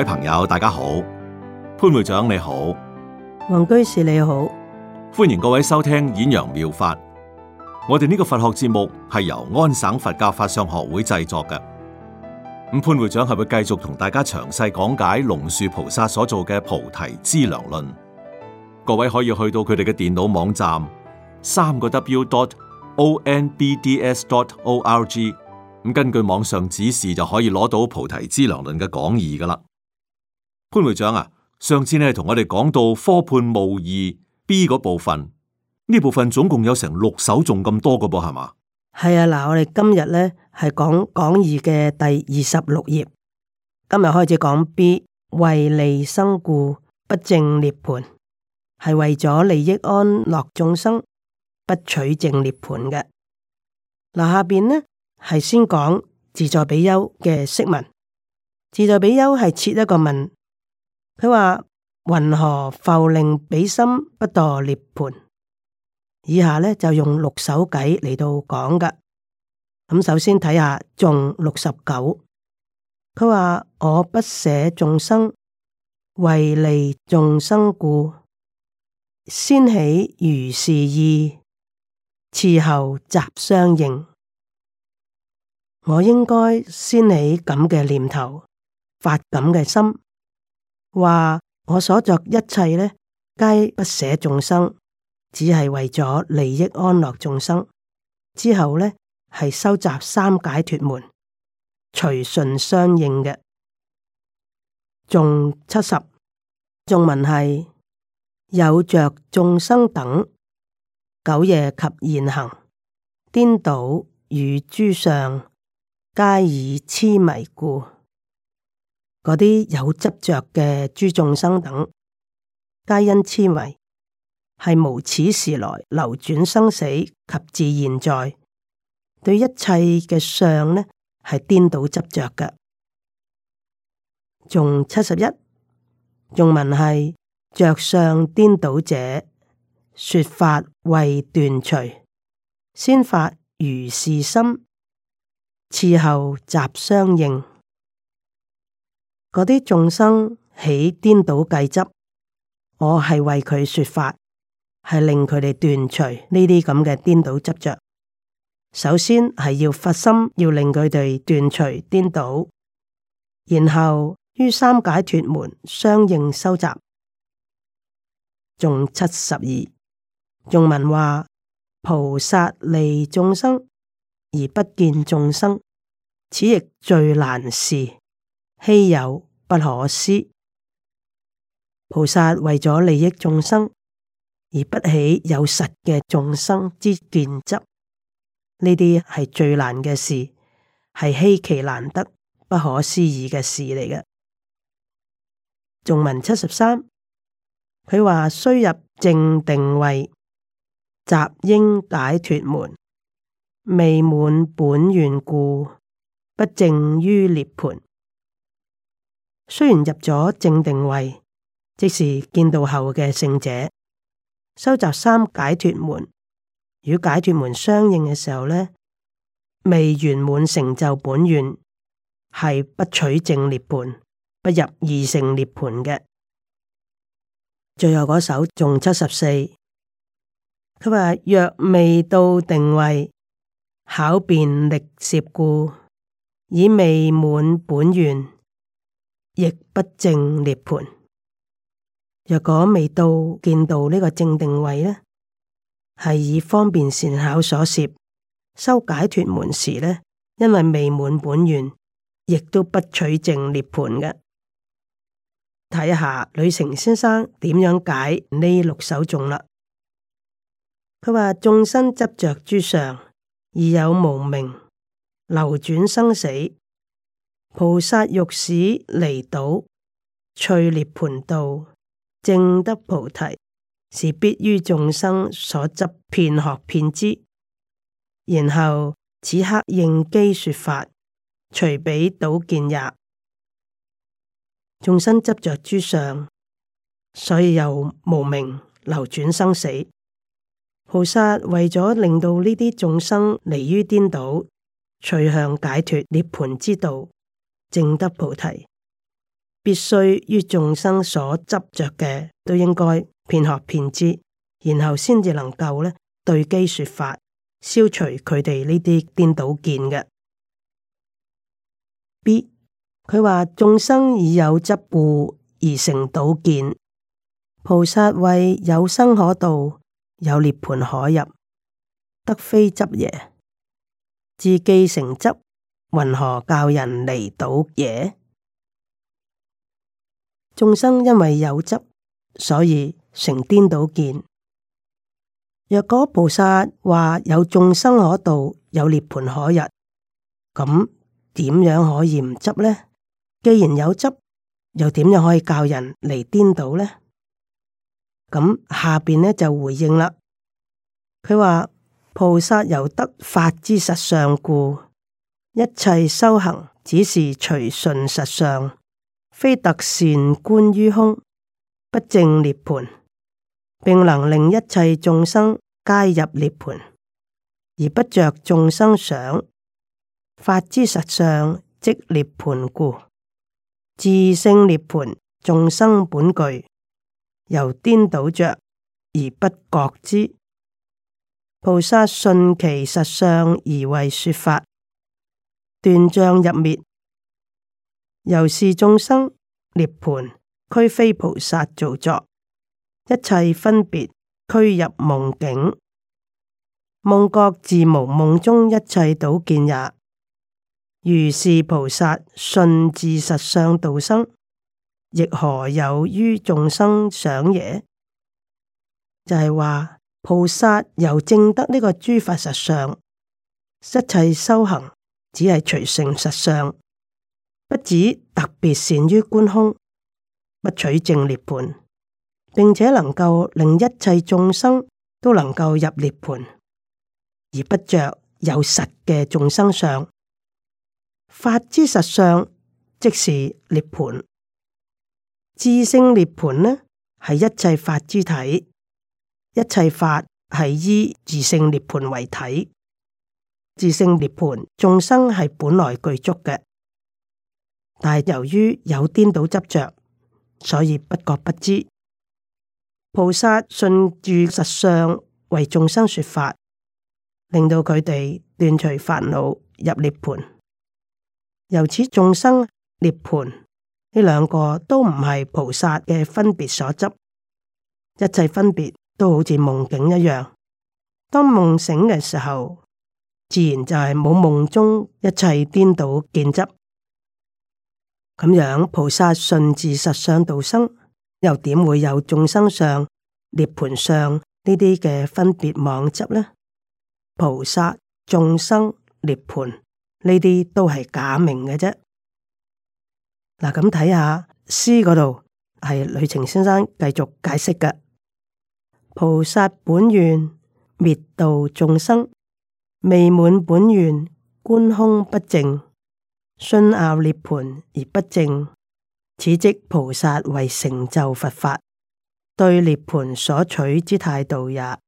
各位朋友，大家好，潘會長你好，王居士你好，歡迎各位收聽《演陽妙，妙法》。我哋呢個佛學節目係由安省佛教法相學會製作嘅。咁潘會長係會繼續同大家詳細講解龍樹菩薩所做嘅《菩提資糧論》。各位可以去到佢哋嘅電腦網站，三個 w dot o n b d s dot o r g，咁根據網上指示就可以攞到《菩提資糧論》嘅講義噶啦。潘會長啊，上次咧同我哋講到科判無義 B 嗰部分，呢部分總共有成六首，仲咁多噶噃，係嘛？係啊，嗱，我哋今日咧係講講義嘅第二十六頁，今日開始講 B 為利生故不正涅盤，係為咗利益安樂眾生不取正涅盤嘅。嗱，下邊呢係先講自在比丘嘅釋文，自在比丘係設一個問。佢話雲何浮令彼心不墮涅盤？以下呢就用六首偈嚟到講㗎。咁首先睇下眾六十九，佢話我不捨眾生，為利眾生故，先起如是意，次後習相應。我應該先起咁嘅念頭，發咁嘅心。話我所作一切呢，皆不捨眾生，只係為咗利益安樂眾生。之後呢，係收集三解脫門，隨順相應嘅。仲七十，仲文係有着眾生等久夜及現行顛倒與諸相，皆以癡迷故。嗰啲有執着嘅諸眾生等，皆因痴慧，係無始時來流轉生死及至現在，對一切嘅相呢，係顛倒執着嘅。從七十一頌文係着相顛倒者，說法為斷除，先發如是心，次後習相應。嗰啲眾生起顛倒計執，我係為佢說法，係令佢哋斷除呢啲咁嘅顛倒執着。首先係要發心，要令佢哋斷除顛倒，然後於三解脱門相應收集，眾七十二。仲文話菩薩利眾生而不見眾生，此亦最難事。稀有不可思，菩薩為咗利益眾生而不起有實嘅眾生之見執，呢啲係最難嘅事，係稀奇難得、不可思議嘅事嚟嘅。仲文七十三，佢話須入正定位，集應解脫門，未滿本願故，不正於涅槃。雖然入咗正定位，即是見到後嘅聖者，收集三解脱門與解脱門相應嘅時候呢，未圓滿成就本願，係不取正涅槃，不入二乘涅槃嘅。最後嗰首仲七十四，佢話若未到定位，考辨力攝故，以未滿本願。亦不正涅槃。若果未到見到呢個正定位呢，係以方便善巧所攝，修解脱門時呢，因為未滿本願，亦都不取正涅槃嘅。睇下呂成先生點樣解呢六首頌啦。佢話，眾生執著諸相，而有無明，流轉生死。菩薩欲使離倒趣涅槃道，證得菩提，是必於眾生所執遍學遍知，然後此刻應機說法，隨彼倒見也。眾生執着諸相，所以又無明流轉生死。菩薩為咗令到呢啲眾生離於顛倒，趣向解脫涅槃之道，證得菩提，必須於眾生所執着嘅都應該遍學遍知，然後先至能夠呢對機說法，消除佢哋呢啲顛倒見嘅。B，佢話眾生以有執故而成倒見，菩薩謂有生可度，有涅槃可入，得非執耶？自既成執。云何教人離倒耶？眾生因為有執，所以成顛倒見。若果菩薩話有眾生可度，有涅槃可入，咁點樣可以唔執呢？既然有執，又點樣可以教人離顛倒呢？咁下邊呢就回應啦。佢話菩薩由得法之實相故。一切修行只是隨順實相，非特善觀於空，不正涅盤，並能令一切眾生皆入涅盤，而不着眾生想。法之實相即涅盤故，自性涅盤，眾生本具，由顛倒着而不覺知。菩薩順其實相而為說法。斷障入滅，由是眾生涅槃，俱非菩薩造作，一切分別驅入夢境，夢覺自無，夢中一切倒見也。如是菩薩順至實相道生，亦何有於眾生想也？就係、是、話菩薩由正德呢個諸法實相，一切修行。只係隨性實相，不止特別善於觀空，不取正涅槃，並且能夠令一切眾生都能夠入涅槃，而不着有實嘅眾生相。法之實相，即是涅槃。自性涅槃呢，係一切法之體，一切法係依自性涅槃為體。自性涅槃，眾生係本來具足嘅，但係由於有顛倒執着，所以不覺不知。菩薩順住實相為眾生說法，令到佢哋斷除煩惱入涅槃。由此，眾生涅槃呢兩個都唔係菩薩嘅分別所執，一切分別都好似夢境一樣，當夢醒嘅時候，自然就係冇夢中一切顛倒見執，咁樣菩薩順自實相度生，又點會有眾生相、涅槃相呢啲嘅分別妄執呢？菩薩、眾生、涅槃呢啲都係假名嘅啫。嗱，咁睇下詩嗰度係呂澄先生繼續解釋嘅，菩薩本願滅度眾生。未滿本願，觀空不正，信拗涅盤而不正，此即菩薩為成就佛法對涅盤所取之態度也。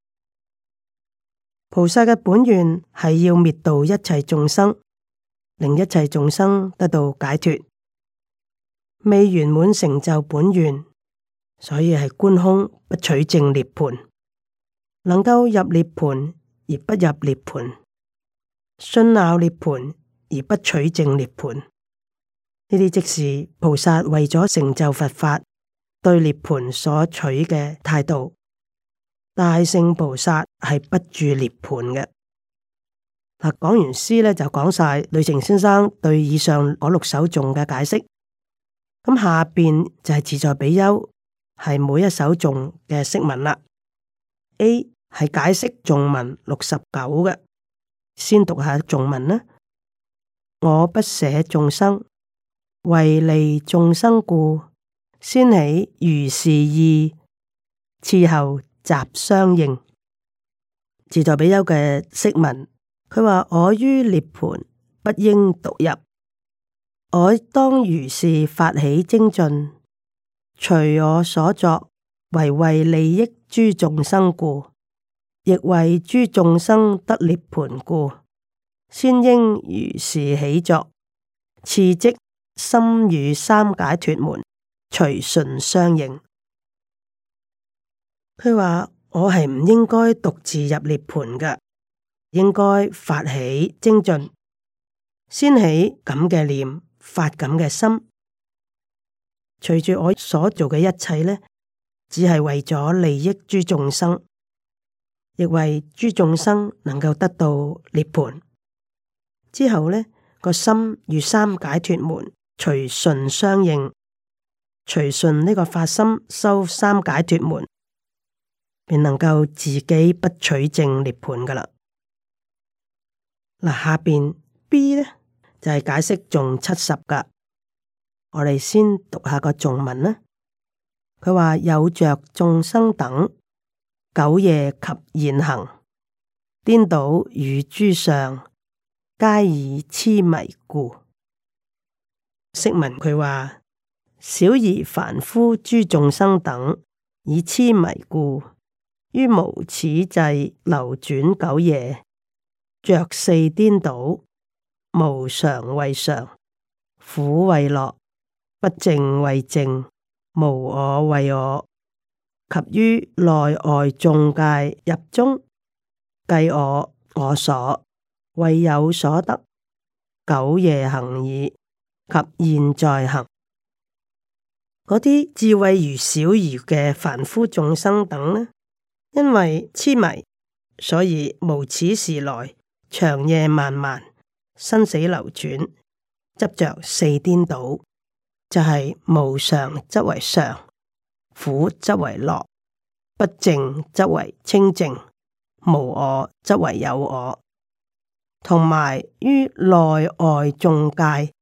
菩薩嘅本願係要滅度一切眾生，令一切眾生得到解脱。未圓滿成就本願，所以係觀空不取正涅盤，能夠入涅盤而不入涅盤信惱涅盤而不取正涅盤呢啲即是菩薩為咗成就佛法對涅盤所取嘅態度。大聖菩薩係不住涅盤嘅。嗱，講完詩咧就講晒呂澄先生對以上嗰六首頌嘅解釋。咁下邊就係自在比丘係每一首頌嘅釋文啦。A 係解釋頌文六十九嘅。先讀下頌文啦。我不捨眾生，為利眾生故，先起如是意，次後習相應。自在比丘嘅釋文，佢話我於涅槃不應獨入，我當如是發起精進，隨我所作，唯為利益諸眾生故。亦為諸眾生得涅槃故，先應如是起作，次即心與三解脱門隨順相應。佢話：我係唔應該獨自入涅槃嘅，應該發起精進，先起咁嘅念，發咁嘅心，隨住我所做嘅一切呢，只係為咗利益諸眾生。亦為諸眾生能夠得到涅盤之後呢個心與三解脫門隨順相應，隨順呢個發心修三解脫門，便能夠自己不取正涅盤噶啦。嗱、啊，下邊 B 呢就係、是、解釋頌七十噶，我哋先讀下個頌文啦。佢話有着眾生等。九夜及現行顛倒與諸相，皆以癡迷故。釋文佢話：小而凡夫諸眾生等，以癡迷故，於無始際流轉九夜，着四顛倒，無常為常，苦為樂，不淨為淨，無我為我。及於內外眾界入中計我我所為有所得，久夜行矣及現在行。嗰啲智慧如小兒嘅凡夫眾生等呢？因為痴迷，所以無始時來，長夜漫漫，生死流轉，執着四顛倒，就係、是、無常，則為常。苦則為樂，不淨則為清淨，無我則為有我。同埋於內外眾界，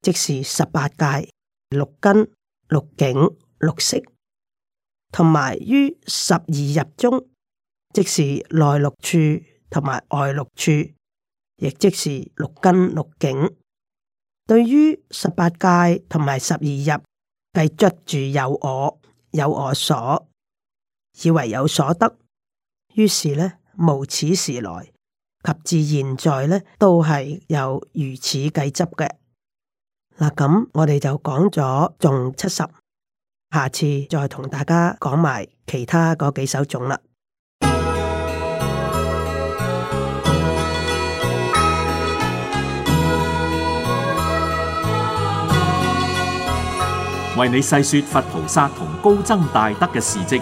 即是十八界、六根、六境、六識；同埋於十二入中，即是內六處同埋外六處，亦即是六根六境。對於十八界同埋十二入，係捉住有我。有我所，以為有所得，於是呢，無始時來及至現在呢，都係有如此計執嘅。嗱、啊，咁我哋就講咗頌七十，下次再同大家講埋其他嗰幾首頌啦。為你細說佛菩薩同高僧大德嘅事迹，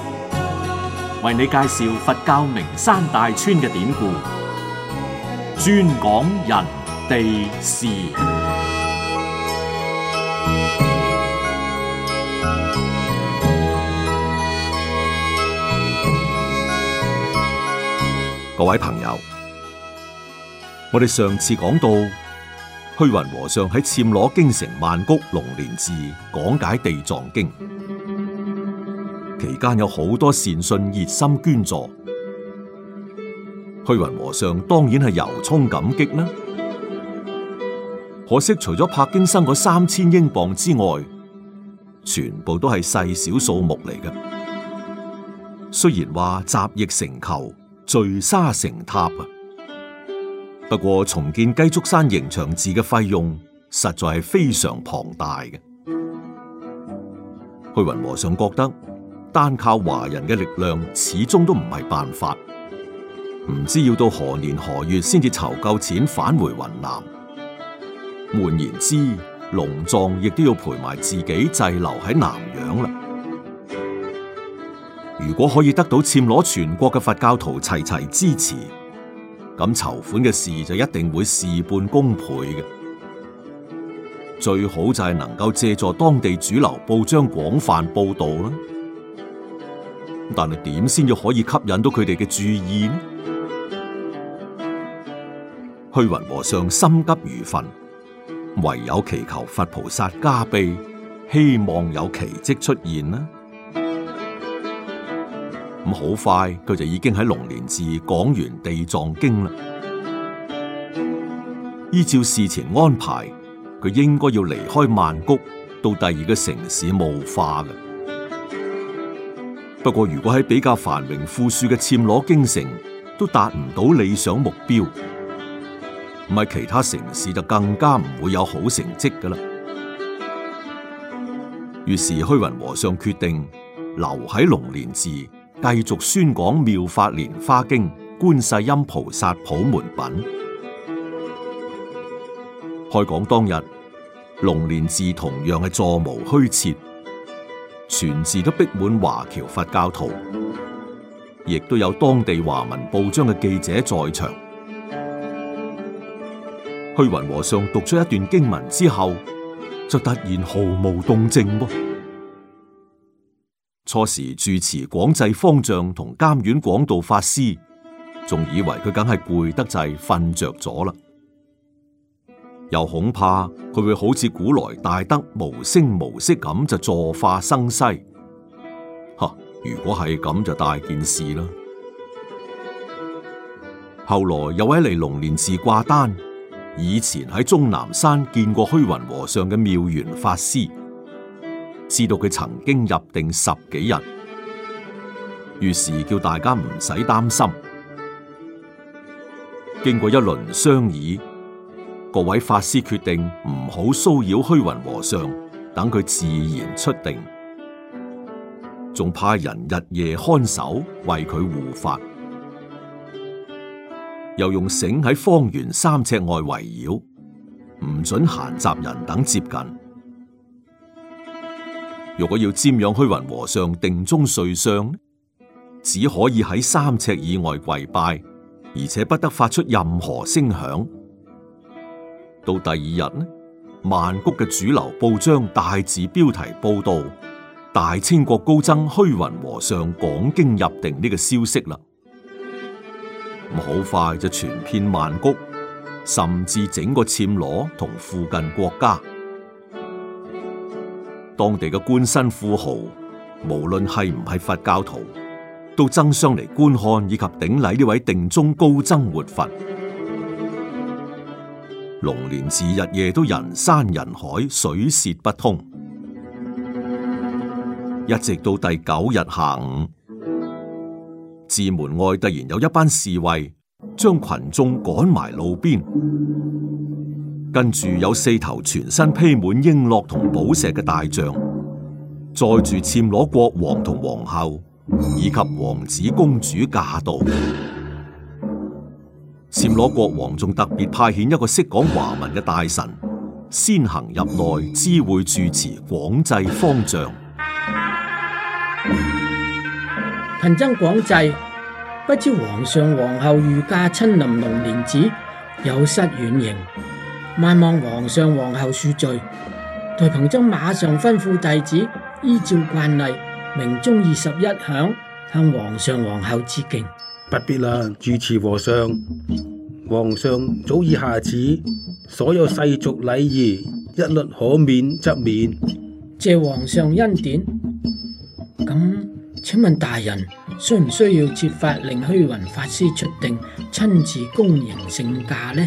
為你介紹佛教名山大川嘅典故，專講人地事。各位朋友，我哋上次講到。虛雲和尚喺暹羅京城曼谷龍蓮寺講解地藏經，期間有好多善信熱心捐助，虛雲和尚當然係由衷感激啦。可惜除咗柏京生嗰三千英鎊之外，全部都係細小數目嚟嘅。雖然話集腋成裘，聚沙成塔啊。不過重建雞足山迎祥寺嘅費用實在係非常龐大嘅。虛雲和尚覺得單靠華人嘅力量始終都唔係辦法，唔知要到何年何月先至籌夠錢返回雲南。換言之，龍藏亦都要陪埋自己滯留喺南洋啦。如果可以得到暹羅全國嘅佛教徒齊齊支持，咁籌款嘅事就一定會事半功倍嘅，最好就係能夠借助當地主流報章廣泛報道啦。但係點先至可以吸引到佢哋嘅注意呢？虛雲和尚心急如焚，唯有祈求佛菩薩加庇，希望有奇跡出現啦。咁好快，佢就已經喺龍蓮寺講完地藏經啦。依照事前安排，佢應該要離開曼谷到第二個城市霧化嘅。不過如果喺比較繁榮富庶嘅暹羅京城都達唔到理想目標，唔係其他城市就更加唔會有好成績噶啦。於是虛雲和尚決定留喺龍蓮寺。繼續宣講《妙法蓮花經》《觀世音菩薩普門品》，開講當日，龍蓮寺同樣係座無虛設，全寺都逼滿華僑佛教徒，亦都有當地華文報章嘅記者在場。虛雲和尚讀出一段經文之後，就突然毫無動靜。初時住持廣濟方丈同監院廣道法師，仲以為佢梗係攰得滯，瞓着咗啦。又恐怕佢會好似古來大德無聲無息咁就坐化生西。吓，如果係咁就大件事啦。後來有位嚟龍蓮寺掛單，以前喺終南山見過虛雲和尚嘅妙圓法師。知道佢曾經入定十幾日，於是叫大家唔使擔心。經過一輪商議，各位法師決定唔好騷擾虛雲和尚，等佢自然出定，仲派人日夜看守，為佢護法，又用繩喺方圓三尺外圍繞，唔准閒雜人等接近。如果要瞻仰虛雲和尚定中瑞相，只可以喺三尺以外跪拜，而且不得發出任何聲響。到第二日呢，曼谷嘅主流報章大字標題報道大清國高僧虛雲和尚講經入定呢個消息啦。好快就傳遍曼谷，甚至整個暹羅同附近國家。當地嘅官紳富豪，無論係唔係佛教徒，都爭相嚟觀看以及頂禮呢位定中高僧活佛。龍年寺日夜都人山人海，水泄不通。一直到第九日下午，寺門外突然有一班侍衛將群眾趕埋路邊。跟住有四頭全身披滿瓔珞同寶石嘅大象，載住暹羅國王同皇后以及王子公主駕到。暹羅國王仲特別派遣一個識講華文嘅大臣先行入內知會住持廣濟方丈。貧僧廣濟，不知皇上皇后御駕親臨龍蓮寺，有失遠迎。萬望皇上皇后恕罪。待貧僧馬上吩咐弟子依照慣例，鳴鐘二十一響，向皇上皇后致敬。不必啦，住持和尚，皇上早已下旨，所有世俗禮儀一律可免則免。謝皇上恩典。咁，請問大人需唔需要設法令虛雲法師出定，親自恭迎聖駕呢？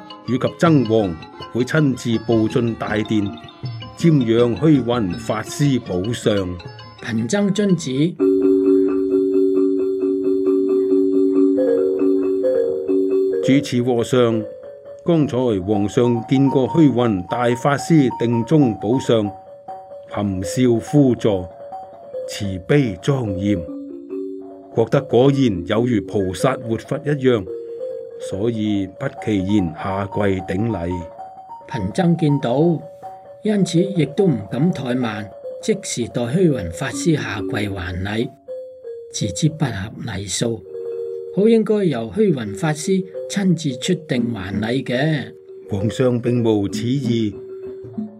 以及僧王會親自步進大殿，瞻仰虛雲法師寶相。貧僧遵旨，主持和尚。剛才皇上見過虛雲大法師定中寶相，含笑輔助慈悲莊嚴，覺得果然有如菩薩活佛一樣。所以不期然下跪頂禮，貧僧見到，因此亦都唔敢怠慢，即時代虛雲法師下跪還禮，自知不合禮數，好應該由虛雲法師親自出定還禮嘅。皇上並無此意，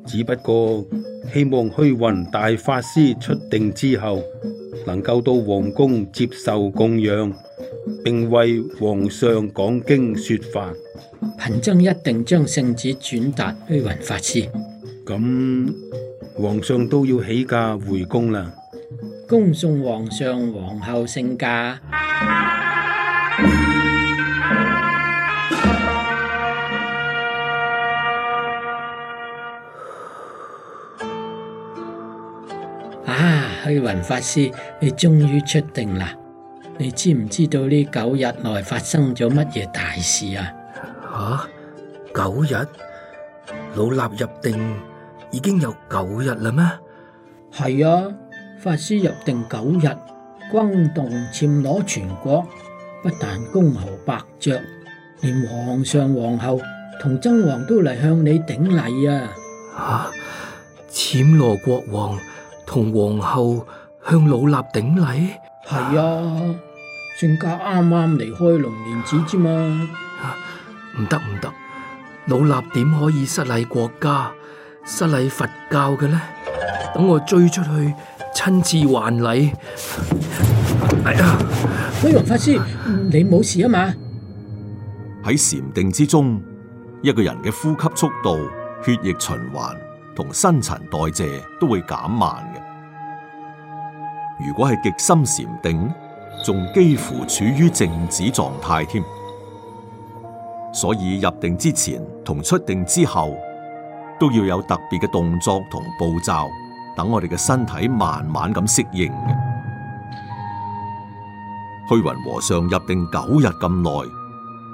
只不過希望虛雲大法師出定之後。能夠到皇宮接受供養，並為皇上講經說法，貧僧一定將聖旨轉達虛雲法師。咁皇上都要起駕回宮啦，恭送皇上皇后聖駕。雲法師，你終於出定啦！你知唔知道呢九日內發生咗乜嘢大事啊？吓、啊，九日老衲，入定已經有九日啦咩？係啊，法師入定九日，轟動暹羅全國，不但公侯伯爵，連皇上皇后同真王都嚟向你頂禮啊！吓、啊，暹羅國王。同皇后向老衲頂禮？係啊，正家啱啱離開龍蓮寺啫嘛。唔得唔得，老衲點可以失禮國家、失禮佛教嘅呢？等我追出去親自還禮。係啊！虛雲法師，你冇事啊嘛？喺禪定之中，一個人嘅呼吸速度、血液循環同新陳代謝都會減慢嘅。如果係極深禪定，仲幾乎處於靜止狀態添，所以入定之前同出定之後，都要有特別嘅動作同步驟，等我哋嘅身體慢慢咁適應嘅。虛雲和尚入定九日咁耐，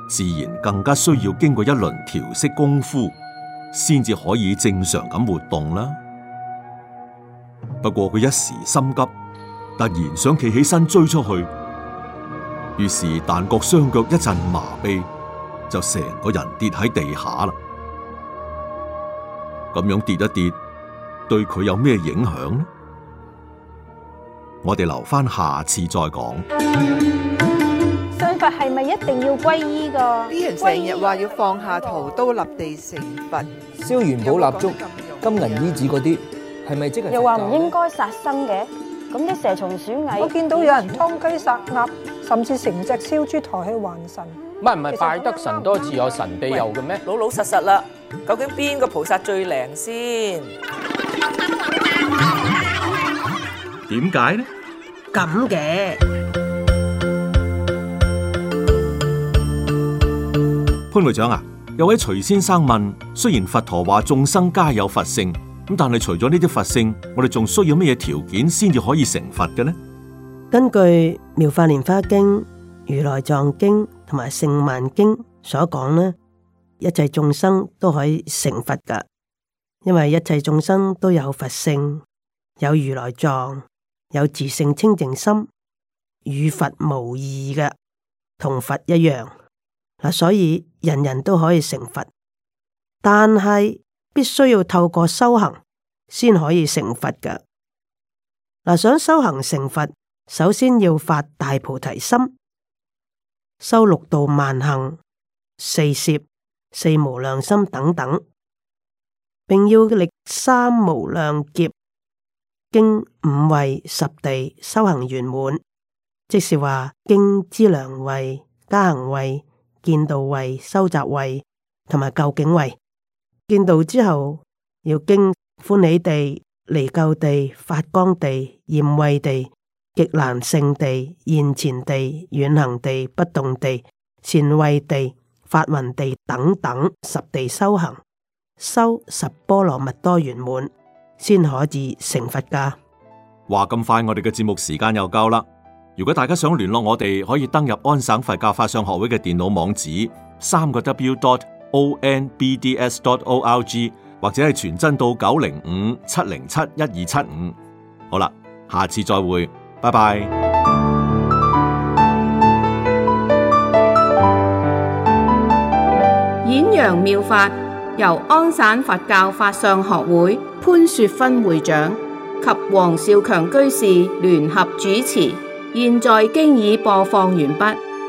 自然更加需要經過一輪調息功夫，先至可以正常咁活動啦。不過佢一時心急。突然想企起身追出去，於是但覺雙腳一陣麻痹，就成個人跌喺地下啦。咁樣跌一跌，對佢有咩影響呢？我哋留翻下，下次再講。信佛係咪一定要皈依噶？啲人成日話要放下屠刀立地成佛，燒元寶蠟燭、金銀衣紙嗰啲，係咪、嗯、即係又話唔應該殺生嘅？咁啲蛇蟲鼠蟻，我見到有人劏雞殺鴨，甚至成隻燒豬抬起還神。唔係唔係，拜得神多自有神庇佑嘅咩？老老實實啦，究竟邊個菩薩最靈先？點解呢？咁嘅潘會長啊，有位徐先生問：雖然佛陀話眾生皆有佛性。咁但係除咗呢啲佛性，我哋仲需要咩條件先至可以成佛嘅咧？根據妙法蓮花經、如來藏經同埋勝鬘經所講呢，一切眾生都可以成佛噶，因為一切眾生都有佛性，有如來藏，有自性清淨心，與佛無異嘅，同佛一樣。嗱，所以人人都可以成佛，但係。必須要透過修行先可以成佛㗎，嗱，想修行成佛，首先要發大菩提心，修六度萬行、四攝、四無量心等等，並要歷三無量劫經五位十地修行圓滿，即是話經之糧位、加行位、見道位、修習位同埋究竟位。見到之後要經歡喜地、離垢地、發光地、焰慧地、極難勝地、現前地、遠行地、不動地、善慧地、法雲地等等十地修行，修十波羅蜜多圓滿，先可以成佛家。噶話咁快，我哋嘅節目時間又夠啦。如果大家想聯絡我哋，可以登入安省佛教法相學會嘅電腦網址，三個 W dot。O N B D S dot O L G，或者係傳真到九零五七零七一二七五，好啦，下次再會，拜拜。演揚妙法由安省佛教法相學會潘雪芬會長及黃少強居士聯合主持，現在經已播放完畢。